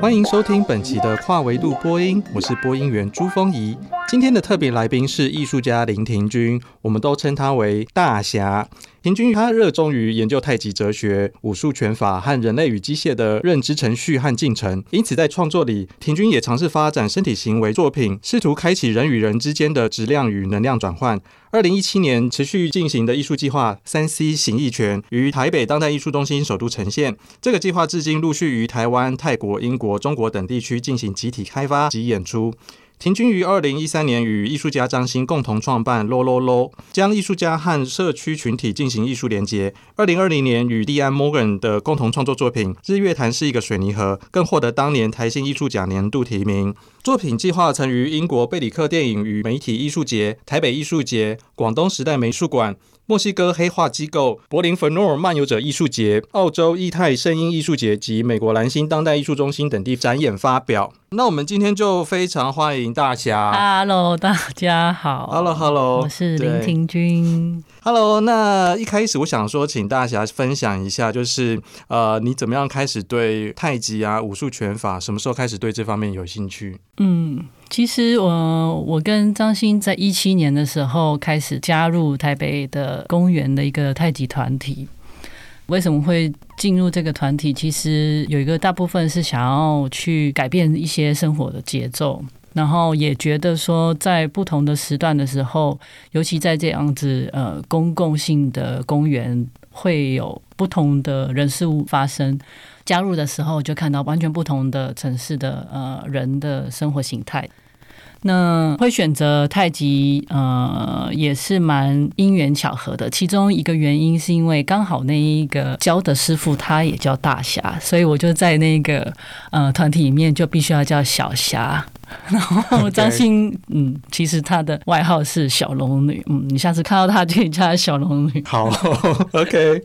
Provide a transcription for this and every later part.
歡迎收聽本期的跨維度播音，我是播音員朱峰怡。今天的特別來賓是藝術家林亭君。我們都稱他為大俠。亭君他熱衷於研究太極哲學、武術拳法和人類與機械的認知程序和進程，因此在創作裡，亭君也嘗試發展身體行為作品，試圖開啟人與人之間的質量與能量轉換。二零一七年持續進行的藝術計劃“三 C 形意拳”於台北當代藝術中心首度呈現，這個計劃至今陸續於台灣、泰國、英國、中國等地區進行集體開發及演出。亭君於二零一三年與藝術家張欣共同創辦 LOLOLO 將藝術家和社區群體進行藝術連接。二零二零年與利安摩根的共同創作作品《日月潭是一個水泥盒》更獲得當年台新藝術獎年度提名。作品計劃曾於英國貝裡克電影與媒體藝術節、台北藝術節、廣東時代美術館、墨西哥黑化機構、柏林芬諾爾漫遊者藝術節、澳洲藝泰聲音藝術節及美國藍星當代藝術中心等地展演發表。那我們今天就非常歡迎。大俠，Hello，大家好，Hello，Hello，hello, 我是林亭君，Hello。那一開始我想說，請大俠分享一下，就是呃，你怎麼樣開始對太極啊、武術拳法？什麼時候開始對這方面有興趣？嗯，其實我我跟張欣在一七年的時候開始加入台北的公園的一個太極團體。為什麼會進入這個團體？其實有一個大部分是想要去改變一些生活的節奏。然後也覺得說，在不同的時段的時候，尤其在這樣子呃公共性的公園，會有不同的人事物發生。加入的時候，就看到完全不同的城市的呃人的生活形態。那會選擇太極，呃，也是蠻因緣巧合的。其中一個原因是因為剛好那一個教的師傅他也叫大俠，所以我就在那個呃團體裡面就必須要叫小俠。然後張欣，Okay. 嗯，其實他的外號是小龍女。嗯，你下次看到他就叫他小龍女。好，OK。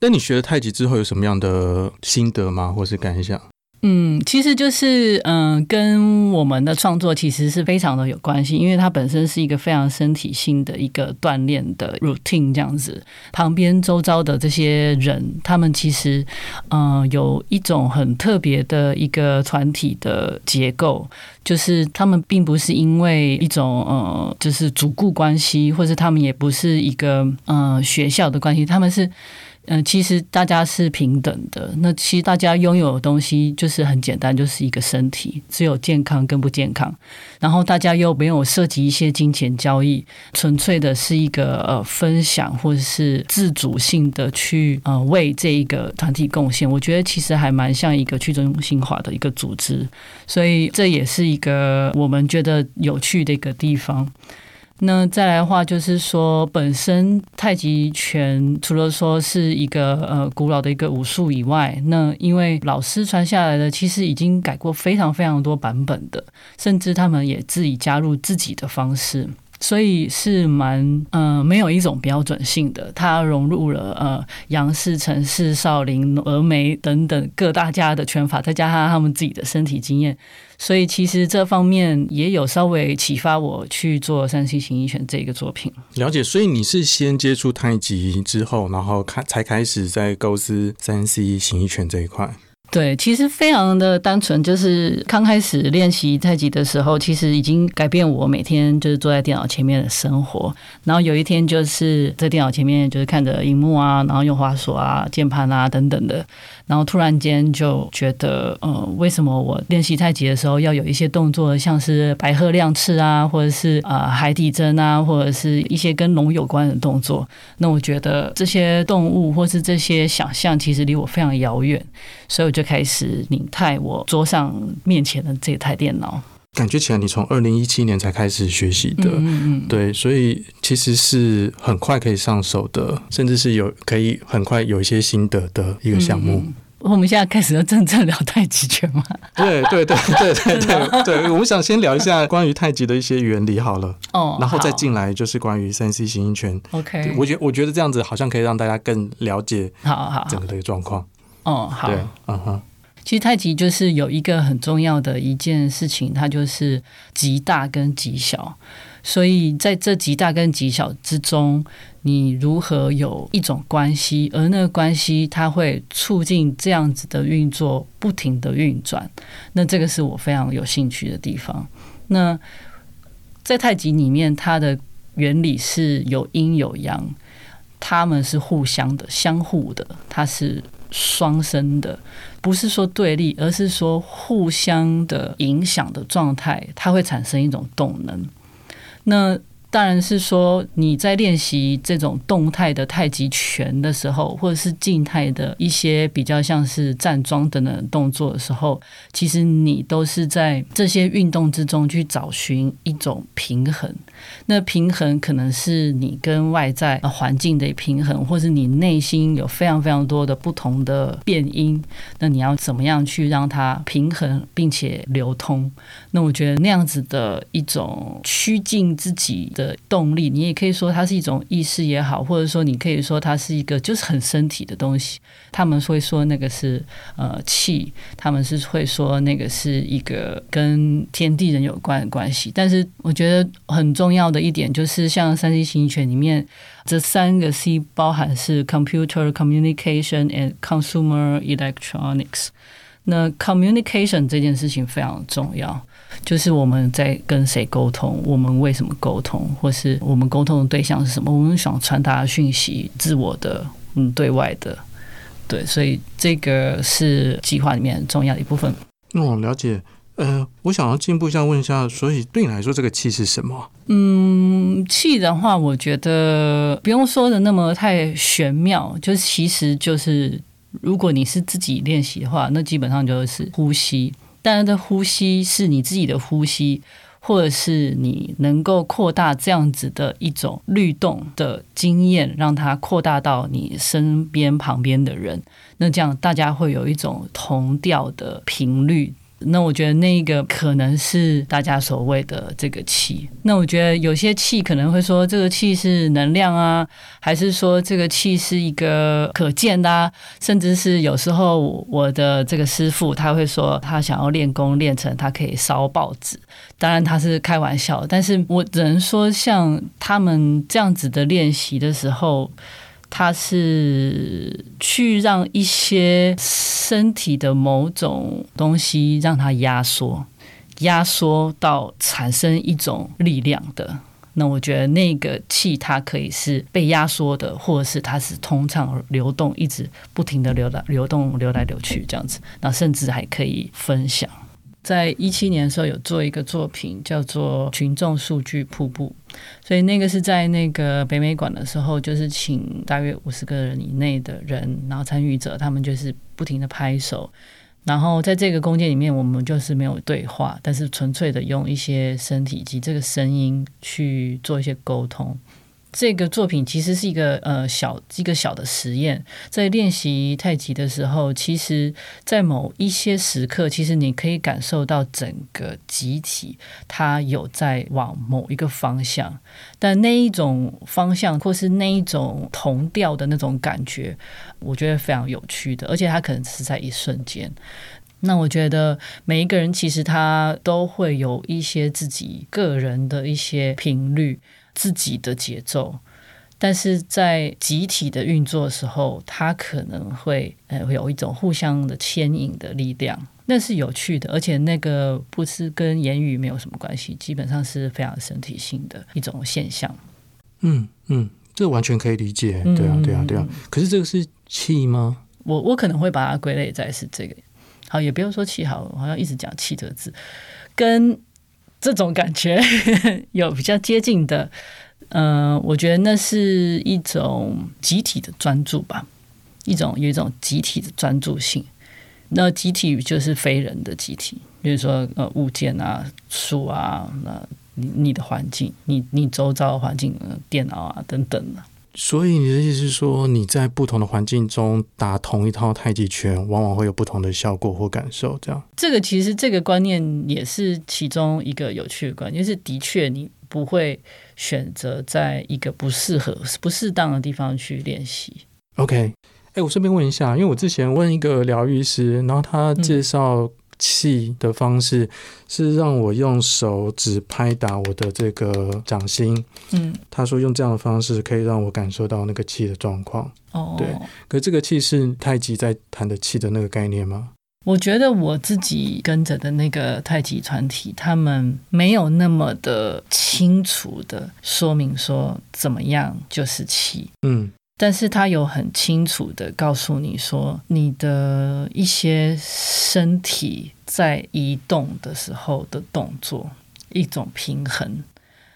那 你學了太極之後有什麼樣的心得嗎？或是感想？嗯，其實就是嗯、呃，跟我們的創作其實是非常的有關係，因為它本身是一個非常身體性的一個鍛鍊的 routine 這樣子。旁邊周遭的這些人，他們其實嗯、呃、有一種很特別的一個團體的結構，就是他們並不是因為一種呃就是主顧關係，或者他們也不是一個嗯、呃、學校的關係，他們是。嗯、呃，其實大家是平等的。那其實大家擁有的東西就是很簡單，就是一個身體，只有健康跟不健康。然後大家又沒有涉及一些金錢交易，純粹的是一個呃分享或者是自主性的去呃為這一個團體貢獻。我覺得其實還蠻像一個去中心化的一個組織，所以這也是一個我們覺得有趣的一個地方。那再來的話，就是說，本身太極拳除了說是一個呃古老的一個武術以外，那因為老師傳下來的，其實已經改過非常非常多版本的，甚至他們也自己加入自己的方式。所以是蠻，呃，沒有一種標準性的，它融入了呃楊氏、陳氏、少林、峨眉等等各大家的拳法，再加上他們自己的身體經驗，所以其實這方面也有稍微啟發我去做三 C 形意拳這個作品。了解，所以你是先接觸太極之後，然後開才開始在構思三 C 形意拳這一塊。對，其實非常的單純，就是剛開始練習太極的時候，其實已經改變我每天就是坐在電腦前面的生活。然後有一天，就是在電腦前面就是看着熒幕啊，然後用滑鼠啊、鍵盤啊等等的，然後突然間就覺得，嗯、呃，為什麼我練習太極的時候要有一些動作，像是白鶴亮翅啊，或者是啊、呃，海底針啊，或者是一些跟龍有關的動作？那我覺得這些動物或是這些想象，其實離我非常遙遠，所以我就。開始擰開我桌上面前的這台電腦。感覺起來你從二零一七年才開始學習的，嗯，嗯，嗯對，所以其實是很快可以上手的，甚至是有可以很快有一些心得的一個項目，嗯。我們現在開始要真正，正聊太極拳嗎？對？對對對 嗎對對對，我們想先聊一下關於太極的一些原理好了，哦，然後再進來就是關於三 C 形意拳。OK，我覺得我覺得這樣子好像可以讓大家更了解，好好整個的一個狀況。好好好哦、嗯，好，嗯，其實太極就是有一個很重要的一件事情，它就是極大跟極小，所以在這極大跟極小之中，你如何有一種關係，而那個關係它會促進這樣子的運作不停的運轉，那這個是我非常有興趣的地方。那在太極裡面，它的原理是有陰有陽，他們是互相的、相互的，它是。雙生的，不是說對立，而是說互相的影響的狀態，它會產生一種動能。那。當然是說你在練習這種動態的太極拳的時候，或者是靜態的一些比較像是站樁等等動作的時候，其實你都是在這些運動之中去找尋一種平衡。那平衡可能是你跟外在環境的平衡，或是你內心有非常非常多的不同的變因，那你要怎麼樣去讓它平衡並且流通？那我覺得那樣子的一種趨近自己的。的動力，你也可以說它是一種意識也好，或者說你可以說它是一個就是很身體的東西。他們會說那個是呃氣，他們是會說那個是一個跟天地人有關的關係。但是我覺得很重要的一點就是，像 3C 形環裡面這三個 C 包含是 Computer、Communication and Consumer Electronics。那 Communication 這件事情非常重要。就是我們在跟誰溝通，我們為什麼溝通，或是我們溝通的對象是什麼？我們想傳達訊息，自我的，嗯，對外的，對，所以這個是計劃裡面重要的一部分。我，哦，了解，呃，我想要進一步想問一下，所以對你來說，這個氣是什麼？嗯，氣的話，我覺得不用說的那麼太玄妙，就是其實就是，如果你是自己練習的話，那基本上就是呼吸。當然這呼吸是你自己的呼吸，或者是你能夠擴大這樣子的一種律動的經驗，讓它擴大到你身邊旁邊的人，那這樣大家會有一種同調的頻率。那我覺得那一個可能是大家所謂的這個氣。那我覺得有些氣可能會說這個氣是能量啊，還是說這個氣是一個可見的啊，甚至是有時候我的這個師傅他會說他想要練功練成，他可以燒報紙。當然他是開玩笑，但是我只能說像他們這樣子的練習的時候。它是去讓一些身體的某種東西讓它壓縮，壓縮到產生一種力量的。那我覺得那個氣它可以是被壓縮的，或者是它是通暢流動，一直不停的流來流動，流來流去這樣子。那甚至還可以分享。在一七年的時候，有做一個作品叫做《群眾數據瀑布》，所以那個是在那個北美館的時候，就是請大約五十個人以內的人，然後參與者他們就是不停的拍手，然後在這個空間裡面，我們就是沒有對話，但是純粹的用一些身體及這個聲音去做一些溝通。這個作品其實是一個呃小一個小的實驗。在練習太極的時候，其實在某一些時刻，其實你可以感受到整個集體它有在往某一個方向，但那一種方向或是那一種同調的那種感覺，我覺得非常有趣的，而且它可能是在一瞬間。那我覺得每一個人其實他都會有一些自己個人的一些頻率。自己的節奏，但是在集體的運作的時候，它可能會呃會有一種互相的牽引的力量，那是有趣的，而且那個不是跟言語沒有什麼關係，基本上是非常身體性的一種現象。嗯嗯，這完全可以理解。嗯、對啊，對啊，對啊，可是這個是氣嗎？我我可能會把它歸類在是這個。好，也不用說氣好，好像一直講氣這個字跟這種感覺 有比較接近的，嗯、呃，我覺得那是一種集體的專注吧，一種有一種集體的專注性。那集體就是非人的集體，比如說呃物件啊、樹啊、那你的環境、你你周遭的環境、呃、電腦啊等等啊所以你的意思是說，你在不同的環境中打同一套太極拳，往往會有不同的效果或感受，這樣？這個其實這個觀念也是其中一個有趣的觀點，因為是的確你不會選擇在一個不適合、不適當的地方去練習。OK，哎、欸，我順便問一下，因為我之前問一個療癒師，然後他介紹、嗯。氣的方式是讓我用手指拍打我的這個掌心，嗯，他說用這樣的方式可以讓我感受到那個氣的狀況。哦，對，可是這個氣是太極在談的氣的那個概念嗎？我覺得我自己跟着的那個太極團體，他們沒有那麼的清楚的說明說怎麼樣就是氣，嗯。但是他有很清楚的告訴你說，你的一些身體在移動的時候的動作，一種平衡，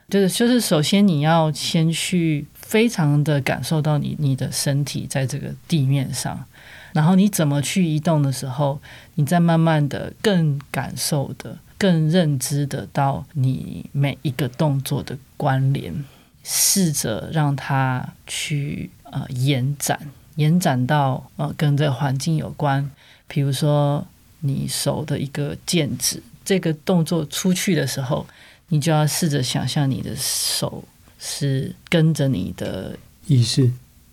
就是就是首先你要先去非常的感受到你你的身體在這個地面上，然後你怎麼去移動的時候，你再慢慢的更感受的、更認知的到你每一個動作的關聯，試着讓它去。呃，延展，延展到呃，跟這環境有關。比如說，你手的一個劍指，這個動作出去的時候，你就要試着想象你的手是跟着你的意識，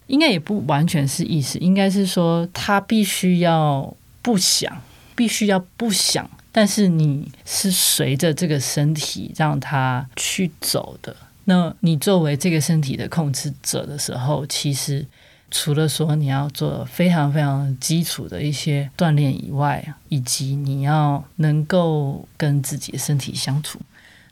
應該也不完全是意識，應該是說，他必須要不想，必須要不想，但是你是隨着這個身體讓它去走的。那你作為這個身體的控制者的時候，其實除了說你要做非常非常基礎的一些鍛鍊以外，以及你要能夠跟自己的身體相處，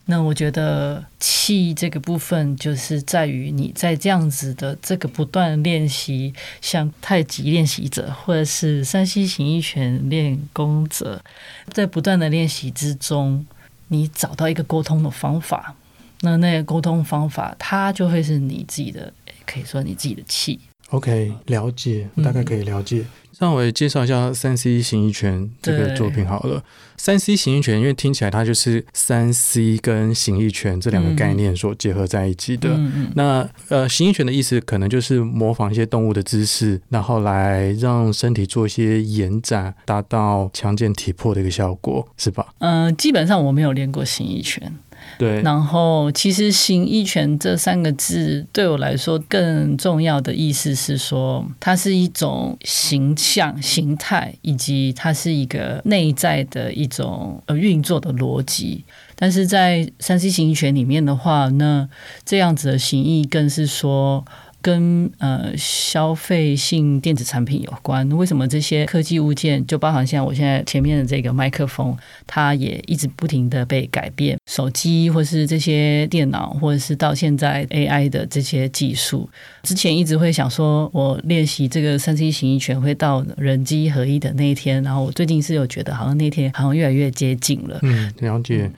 那我覺得氣這個部分就是在於你在這樣子的這個不斷練習，像太極練習者或者是山西形意拳練功者，在不斷的練習之中，你找到一個溝通的方法。那那個溝通方法，它就會是你自己的，可以說你自己的氣。OK，了解，嗯、大概可以了解。讓我介紹一下三 C 形意拳這個作品好了。三對 C 形意拳，因為聽起來它就是三 C 跟形意拳這兩個概念所結合在一起的。嗯、那呃，形意拳的意思可能就是模仿一些動物的姿勢，然後來讓身體做一些延展，達到強健體魄的一個效果，是吧？嗯、呃，基本上我沒有練過形意拳。對，然後其實“形意拳”這三個字對我來說更重要的意思是說，它是一種形象、形態，以及它是一個內在的一種呃運作的邏輯。但是在山西形意拳裡面的話，那這樣子的形意更是說，跟呃消費性電子產品有關。為什麼這些科技物件就包含像我現在前面的這個麥克風，它也一直不停的被改變，手機或是這些電腦，或者是到現在 AI 的這些技術，之前一直會想說，我練習這個三 C 形意拳會到人機合一的那一天。然後我最近是有覺得，好像那天好像越來越接近了。嗯，了解。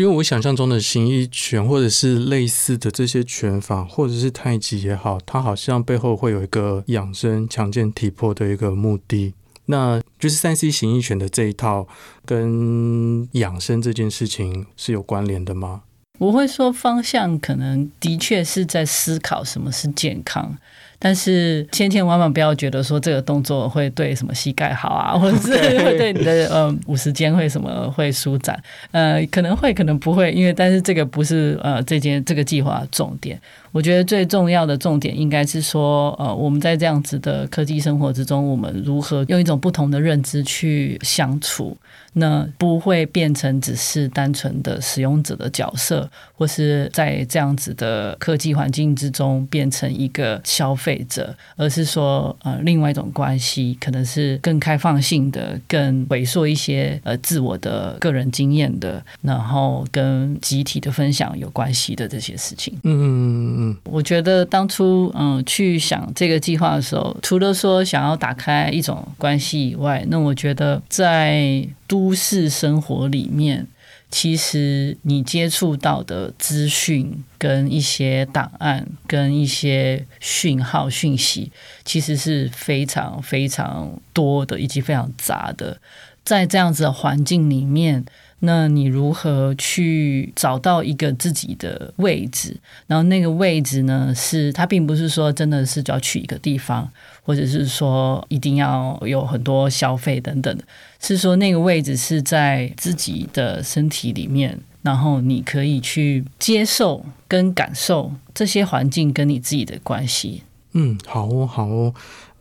因為我想象中的形意拳，或者是類似的這些拳法，或者是太極也好，它好像背後會有一個養生、強健體魄的一個目的。那就是三 C 形意拳的這一套跟養生這件事情是有關聯的嗎？我會說方向可能的確是在思考什麼是健康。但是千千萬萬不要覺得說這個動作會對什麼膝蓋好啊，或者是會對你的 Okay. 呃五十肩會什麼會舒展，呃可能會可能不會，因為但是這個不是呃這件這個計劃重點。我覺得最重要的重點應該是說，呃我們在這樣子的科技生活之中，我們如何用一種不同的認知去相處，那不會變成只是單純的使用者的角色，或是在這樣子的科技環境之中變成一個消費。者，而是說，呃，另外一種關係，可能是更開放性的、更萎縮一些，呃，自我的個人經驗的，然後跟集體的分享有關係的這些事情。嗯嗯嗯嗯嗯，我覺得當初嗯、呃、去想這個計劃的時候，除了說想要打開一種關係以外，那我覺得在都市生活裡面，其實你接觸到的資訊，跟一些檔案，跟一些訊號訊息，其實是非常非常多的，以及非常雜的，在這樣子的環境裡面。那你如何去找到一個自己的位置？然後那個位置呢，是它並不是說真的是就要去一個地方，或者是說一定要有很多消費等等。是說那個位置是在自己的身體裡面，然後你可以去接受跟感受這些環境跟你自己的關係。嗯，好哦，好哦。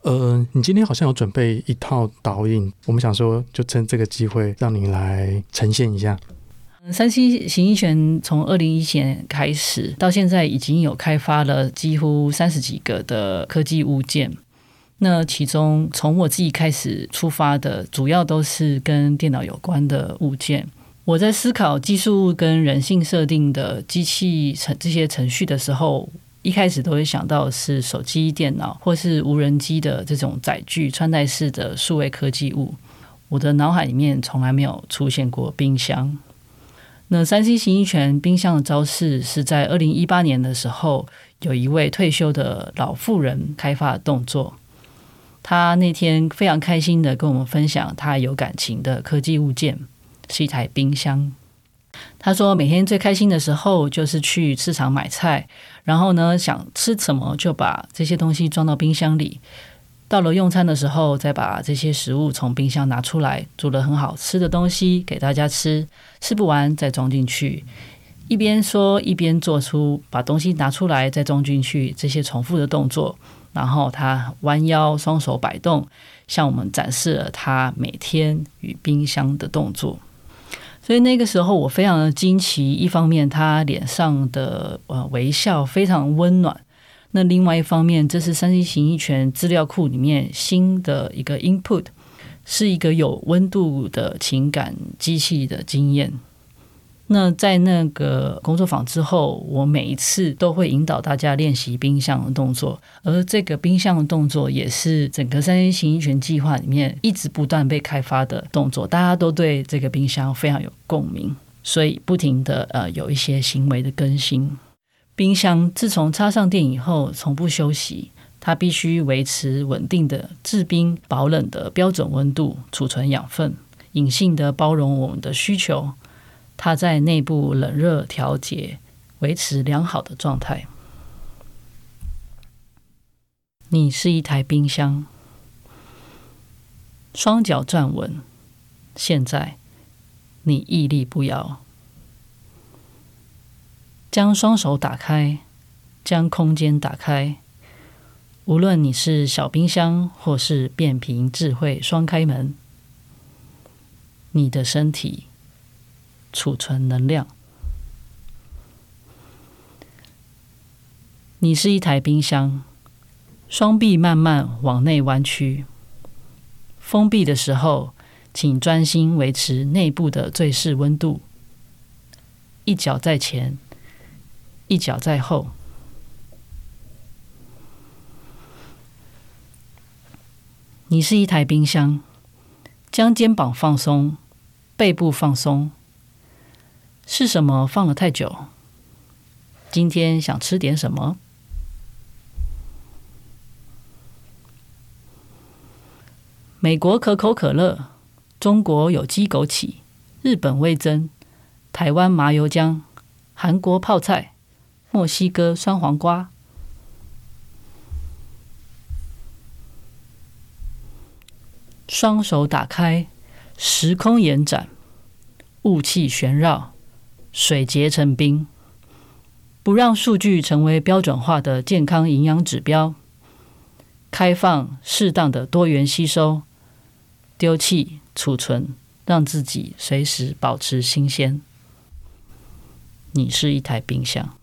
呃，你今天好像有準備一套導引，我們想說就趁這個機會讓您來呈現一下。嗯，三星行一玄從二零一一年開始到現在，已經有開發了幾乎三十幾個的科技物件。那其中從我自己開始出發的，主要都是跟電腦有關的物件。我在思考技術跟人性設定的機器程這些程序的時候。一開始都會想到是手機、電腦或是無人機的這種載具、穿戴式的數位科技物，我的腦海裡面從來沒有出現過冰箱。那三星形意拳冰箱的招式是在二零一八年的時候，有一位退休的老婦人開發的動作。他那天非常開心的跟我們分享他有感情的科技物件是一台冰箱。他說：“每天最開心的時候就是去市場買菜，然後呢，想吃什麼就把這些東西裝到冰箱裡。到了用餐的時候，再把這些食物從冰箱拿出來，煮了很好吃的東西給大家吃。吃不完再裝進去。一邊說一邊做出把東西拿出來再裝進去這些重複的動作，然後他彎腰，雙手擺動，向我們展示了他每天與冰箱的動作。”所以那個時候我非常的驚奇，一方面他臉上的呃微笑非常溫暖，那另外一方面這是三星行意權資料庫裡面新的一個 input，是一個有溫度的情感機器的經驗。那在那個工作坊之後，我每一次都會引導大家練習冰箱的動作，而這個冰箱的動作也是整個三星行拳計劃裡面一直不斷被開發的動作。大家都對這個冰箱非常有共鳴，所以不停的呃有一些行為的更新。冰箱自從插上電以後，從不休息，它必須維持穩定的制冰保冷的標準溫度，儲存養分，隱性的包容我們的需求。它在內部冷熱調節，維持良好的狀態。你是一台冰箱，雙腳站穩，現在你屹立不搖。將雙手打開，將空間打開。無論你是小冰箱或是變頻智慧雙開門，你的身體。儲存能量。你是一台冰箱，雙臂慢慢往內彎曲。封閉的時候，請專心維持內部的最適溫度。一腳在前，一腳在後。你是一台冰箱，將肩膀放鬆，背部放鬆。是什麼放了太久？今天想吃點什麼？美國可口可樂，中國有機枸杞，日本味噌，台灣麻油薑，韓國泡菜，墨西哥酸黃瓜。雙手打開，時空延展，霧氣旋繞。水結成冰，不讓數據成為標準化的健康營養指標，開放適當的多元吸收，丟棄儲存，讓自己隨時保持新鮮。你是一台冰箱。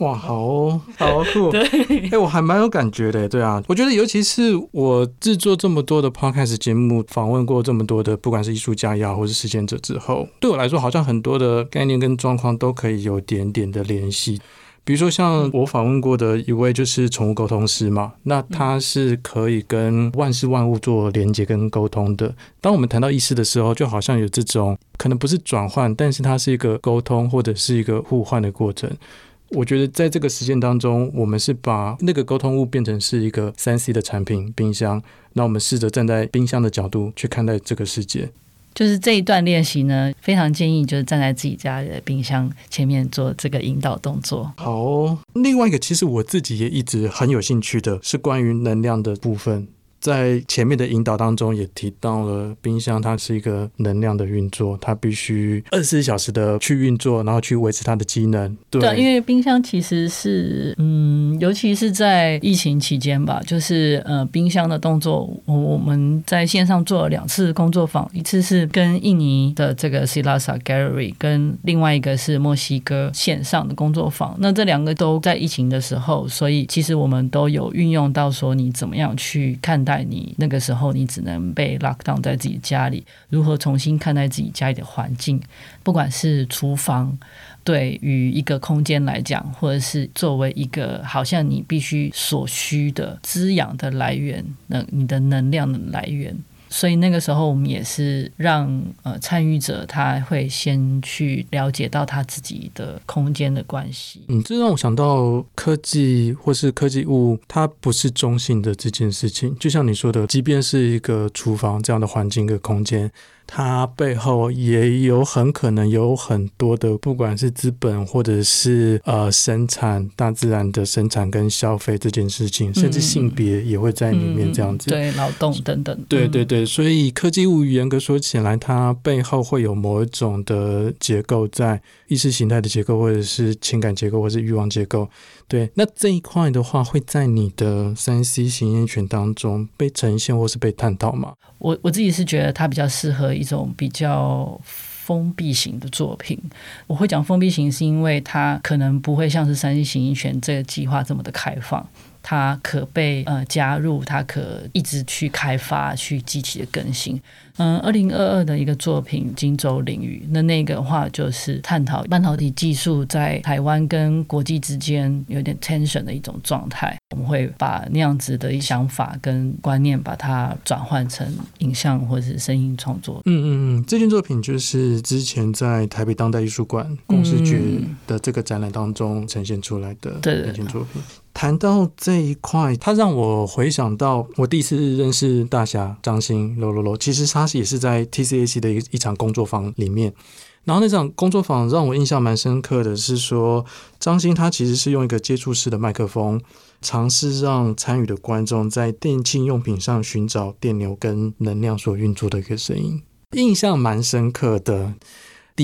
哇，好、哦、好、哦，酷！誒。哎，我還蠻有感覺的。對啊，我覺得，尤其是我制作這麼多的 podcast 節目，訪問過這麼多的，不管是藝術家也好，或是實踐者之後，對我來說，好像很多的概念跟狀況都可以有點點的聯繫。比如說，像我訪問過的一位就是寵物溝通師嘛，那他是可以跟萬事萬物做連接跟溝通的。當我們談到意識的時候，就好像有這種可能不是轉換，但是它是一個溝通或者是一個互換的過程。我覺得在這個實踐當中，我們是把那個溝通物變成是一個三 C 的產品冰箱，那我們試着站在冰箱的角度去看待這個世界。就是這一段練習呢，非常建議就是站在自己家的冰箱前面做這個引導動作。好哦，另外一個其實我自己也一直很有興趣的是關於能量的部分。在前面的引導當中也提到了冰箱，它是一個能量的運作，它必須二十四小時的去運作，然後去維持它的機能。對，對，因為冰箱其實是嗯，尤其是在疫情期間吧，就是呃，冰箱的動作我，我們在線上做了兩次工作坊，一次是跟印尼的這個 Silasa Gallery，跟另外一個是墨西哥線上的工作坊。那這兩個都在疫情的時候，所以其實我們都有運用到說你怎麼樣去看到。在你那個時候，你只能被 lockdown 在自己家裡。如何重新看待自己家裡的環境？不管是廚房，對於一個空間來講，或者是作為一個好像你必須所需的滋養的來源，能你的能量的來源。所以那個時候，我們也是讓呃參與者，他會先去了解到他自己的空間的關係。嗯，這讓我想到科技或是科技物，它不是中性的這件事情。就像你說的，即便是一個廚房這樣的環境跟空間。它背後也有很可能有很多的，不管是資本或者是呃生產，大自然的生產跟消費這件事情，嗯、甚至性別也會在裡面、嗯、這樣子，嗯、對勞動等等。對對對，所以科技物語嚴格說起來，它背後會有某一種的結構在。意識形態的結構，或者是情感結構，或者是慾望結構，對，那這一塊的話，會在你的三 C 行雲權當中被呈現或是被探討嗎？我我自己是覺得它比較適合一種比較封閉型的作品。我會講封閉型，是因為它可能不會像是三 C 行雲權這個計劃這麼的開放，它可被呃加入，它可一直去開發、去積極的更新。嗯，二零二二的一個作品《金州領域》，那那個的話就是探討半導體技術在台灣跟國際之間有點 tension 的一種狀態。我們會把那樣子的想法跟觀念，把它轉換成影像或是聲音創作。嗯嗯嗯，這件作品就是之前在台北當代藝術館公司局的這個展覽當中呈現出來的。對，那件作品。嗯、談到這一塊，它讓我回想到我第一次認識大俠張鑫羅羅羅，其實他。也是在 T.C.A.C 的一一場工作坊裡面，然後那場工作坊讓我印象蠻深刻的是說，張欣他其實是用一個接觸式的麥克風，嘗試讓參與的觀眾在電器用品上尋找電流跟能量所運作的一個聲音，印象蠻深刻的。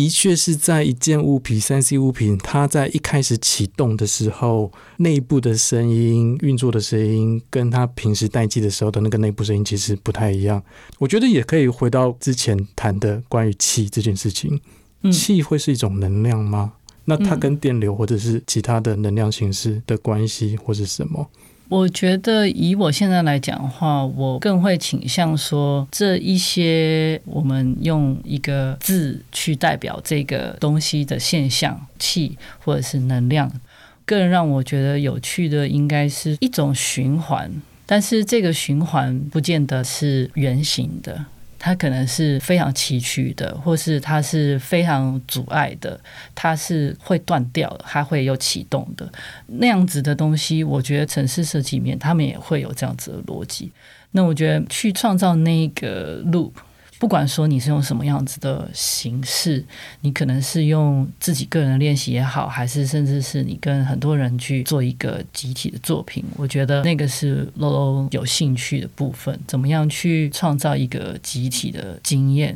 的確是在一件物品，三 C 物品，它在一開始啟動的時候，內部的聲音、運作的聲音，跟它平時待機的時候的那個內部聲音其實不太一樣。我覺得也可以回到之前談的關於氣這件事情，氣會是一種能量嗎？嗯。那它跟電流或者是其他的能量形式的關係，或者是什麼？我覺得以我現在來講的話，我更會傾向說，這一些我們用一個字去代表這個東西的現象，氣或者是能量，更讓我覺得有趣的應該是一種循環，但是這個循環不見得是圓形的。它可能是非常崎嶇的，或是它是非常阻礙的，它是會斷掉，它會有啟動的那樣子的東西。我覺得城市設計裡面，他們也會有這樣子的邏輯。那我覺得去創造那個 loop。不管說你是用什麼樣子的形式，你可能是用自己個人練習也好，還是甚至是你跟很多人去做一個集體的作品，我覺得那個是洛洛有興趣的部分。怎麼樣去創造一個集體的經驗，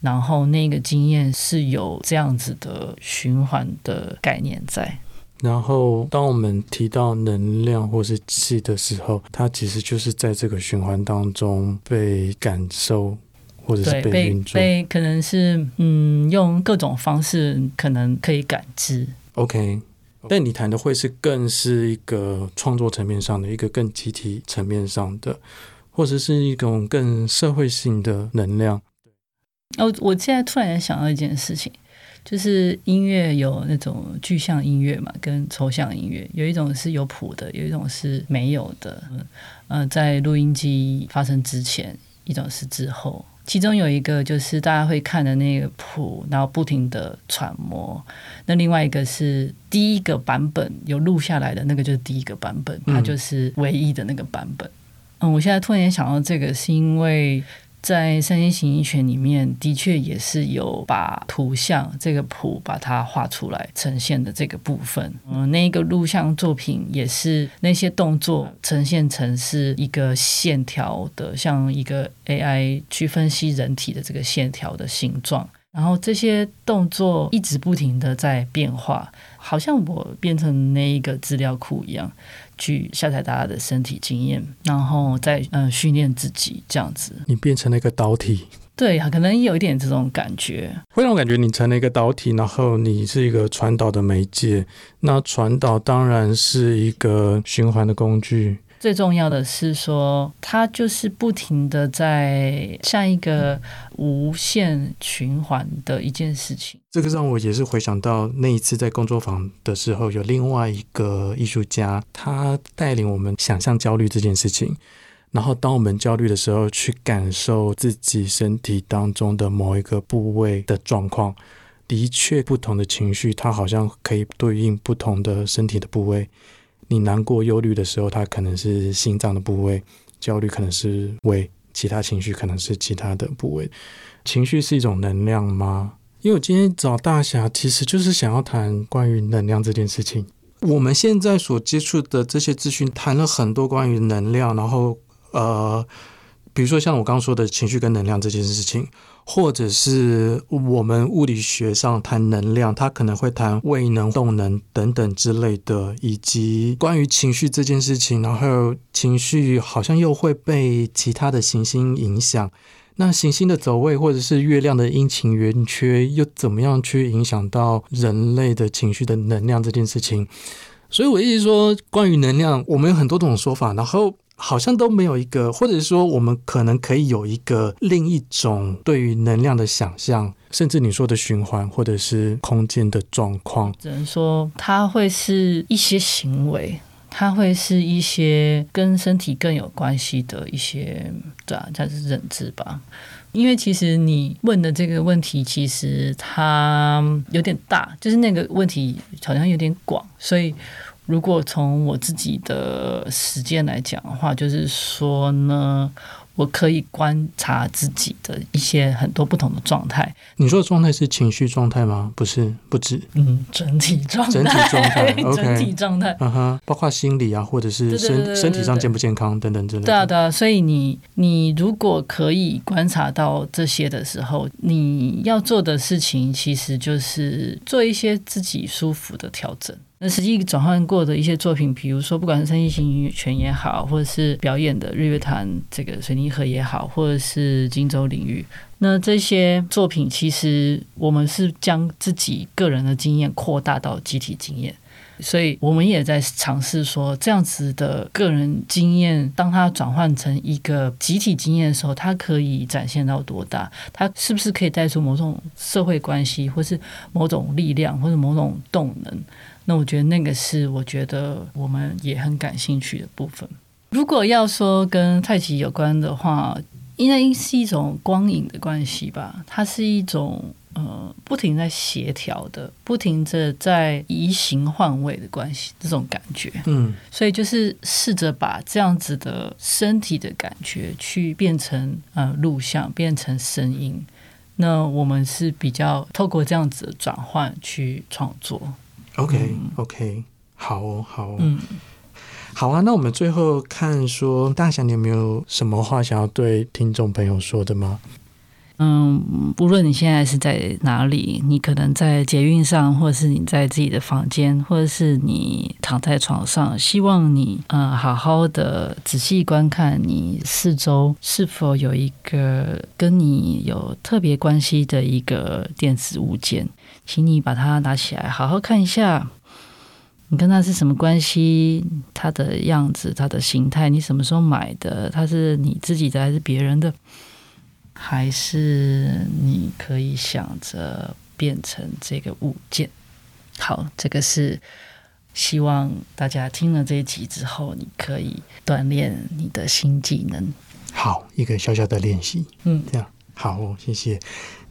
然後那個經驗是有這樣子的循環的概念在。然後當我們提到能量或是氣的時候，它其實就是在這個循環當中被感受。或者是對被被，被可能是嗯用各種方式可能可以感知。OK, okay. 但你談的會是更是一個創作層面上的一個更集體層面上的，或者是一種更社會性的能量。哦，我現在突然想到一件事情，就是音樂有那種具象音樂嘛，跟抽象音樂，有一種是有譜的，有一種是沒有的。嗯、呃，在錄音機發生之前，一種是之後。其中有一個就是大家會看的那個譜，然後不停的揣摩。那另外一個是第一個版本有錄下來的，那個就是第一個版本，它就是唯一的那個版本。嗯，嗯，我現在突然想到這個是因為。在《三星形意拳》裡面，的確也是有把圖像這個譜把它畫出來呈現的這個部分。嗯，那一個錄像作品也是那些動作呈現成是一個線條的，像一個 AI 去分析人體的這個線條的形狀，然後這些動作一直不停地在變化。好像我變成那一個資料庫一樣，去下載大家的身體經驗，然後再嗯訓練自己這樣子。你變成了一個導體。對，可能有一點這種感覺，會讓我感覺你成了一個導體，然後你是一個傳導的媒介。那傳導當然是一個循環的工具。最重要的是說，它就是不停地在像一個無限循環的一件事情。這個讓我也是回想到那一次在工作坊的時候，有另外一個藝術家，他帶領我們想象焦慮這件事情。然後當我們焦慮的時候，去感受自己身體當中的某一個部位的狀況，的確，不同的情緒，它好像可以對應不同的身體的部位。你難過、憂慮的時候，它可能是心臟的部位；焦慮可能是胃，其他情緒可能是其他的部位。情緒是一種能量嗎？因為我今天找大俠，其實就是想要談關於能量這件事情。我們現在所接觸的這些資訊，談了很多關於能量，然後呃，比如說像我剛剛說的情緒跟能量這件事情。或者是我們物理學上談能量，它可能會談位能、動能等等之類的，以及關於情緒這件事情。然後情緒好像又會被其他的行星影響。那行星的走位，或者是月亮的陰晴圓缺，又怎麼樣去影響到人類的情緒的能量這件事情？所以，我一直說，關於能量，我們有很多種說法。然後。好像都沒有一個，或者說我們可能可以有一個另一種對於能量的想象，甚至你說的循環，或者是空間的狀況。只能說它會是一些行為，它會是一些跟身體更有關係的一些，對啊，像是認知吧。因為其實你問的這個問題，其實它有點大，就是那個問題好像有點廣，所以。如果從我自己的實踐來講的話，就是說呢，我可以觀察自己的一些很多不同的狀態。你說的狀態是情緒狀態嗎？不是，不止。嗯，整體狀態，整體狀態， 整體狀態。嗯哼、Okay. Uh-huh. 包括心理啊，或者是身對對對對對身體上健不健康等等之類的。對啊，對啊。所以你你如果可以觀察到這些的時候，你要做的事情其實就是做一些自己舒服的調整。那實際轉換過的一些作品，比如說不管是三音樂泉也好，或者是表演的《日月潭》這個水泥河也好，或者是荊州領域，那這些作品其實我們是將自己個人的經驗擴大到集體經驗，所以我們也在嘗試說，這樣子的個人經驗，當它轉換成一個集體經驗的時候，它可以展現到多大？它是不是可以帶出某種社會關係，或是某種力量，或者某種動能？那我覺得那個是我覺得我們也很感興趣的部分。如果要說跟太極有關的話，應該是一種光影的關係吧？它是一種呃不停在協調的、不停着在移形換位的關係，這種感覺。嗯，所以就是試着把這樣子的身體的感覺去變成呃錄像，變成聲音。那我們是比較透過這樣子的轉換去創作。OK，OK，好，好，哦，嗯，好啊。那我們最後看說，大翔，你有沒有什麼話想要對聽眾朋友說的嗎？嗯，無論你現在是在哪裡，你可能在捷運上，或是你在自己的房間，或者是你躺在床上，希望你呃、嗯、好好的仔細觀看你四周，是否有一個跟你有特別關係的一個電子物件。請你把它拿起來，好好看一下。你跟他是什麼關係？他的樣子，他的形態，你什麼時候買的？他是你自己的還是別人的？還是你可以想着變成這個物件？好，這個是希望大家聽了這一集之後，你可以鍛鍊你的新技能。好，一個小小的練習。嗯，這樣。好，謝謝。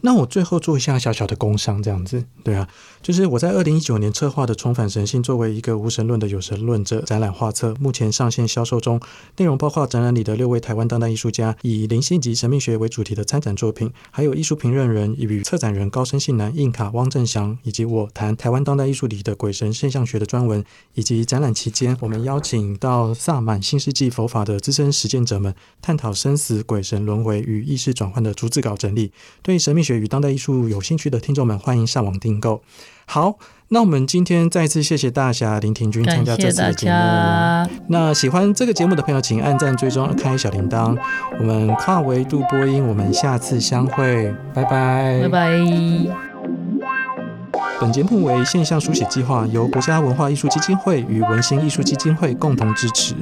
那我最後做一下小小的工商，這樣子，對啊，就是我在二零一九年策劃的《重返神性》，作為一個無神論的有神論者，展覽畫冊目前上線銷售中。內容包括展覽裡的六位台灣當代藝術家以靈性及神秘學為主題的參展作品，還有藝術評論人與策展人高生信男、印卡、汪正祥，以及我談台灣當代藝術裡的鬼神現象學的專文，以及展覽期間我們邀請到薩滿新世紀佛法的資深實踐者們探討生死、鬼神、輪回與意識轉換的逐字稿整理，對神秘學。對於當代藝術有興趣的聽眾們，歡迎上網訂購。好，那我們今天再次謝謝大俠林亭君參加這次的節目。那喜歡這個節目的朋友，請按讚、追蹤、開小鈴鐺。我們跨維度播音，我們下次相會，拜拜，拜拜。本節目為現象書寫計劃，由國家文化藝術基金會與文心藝術基金會共同支持。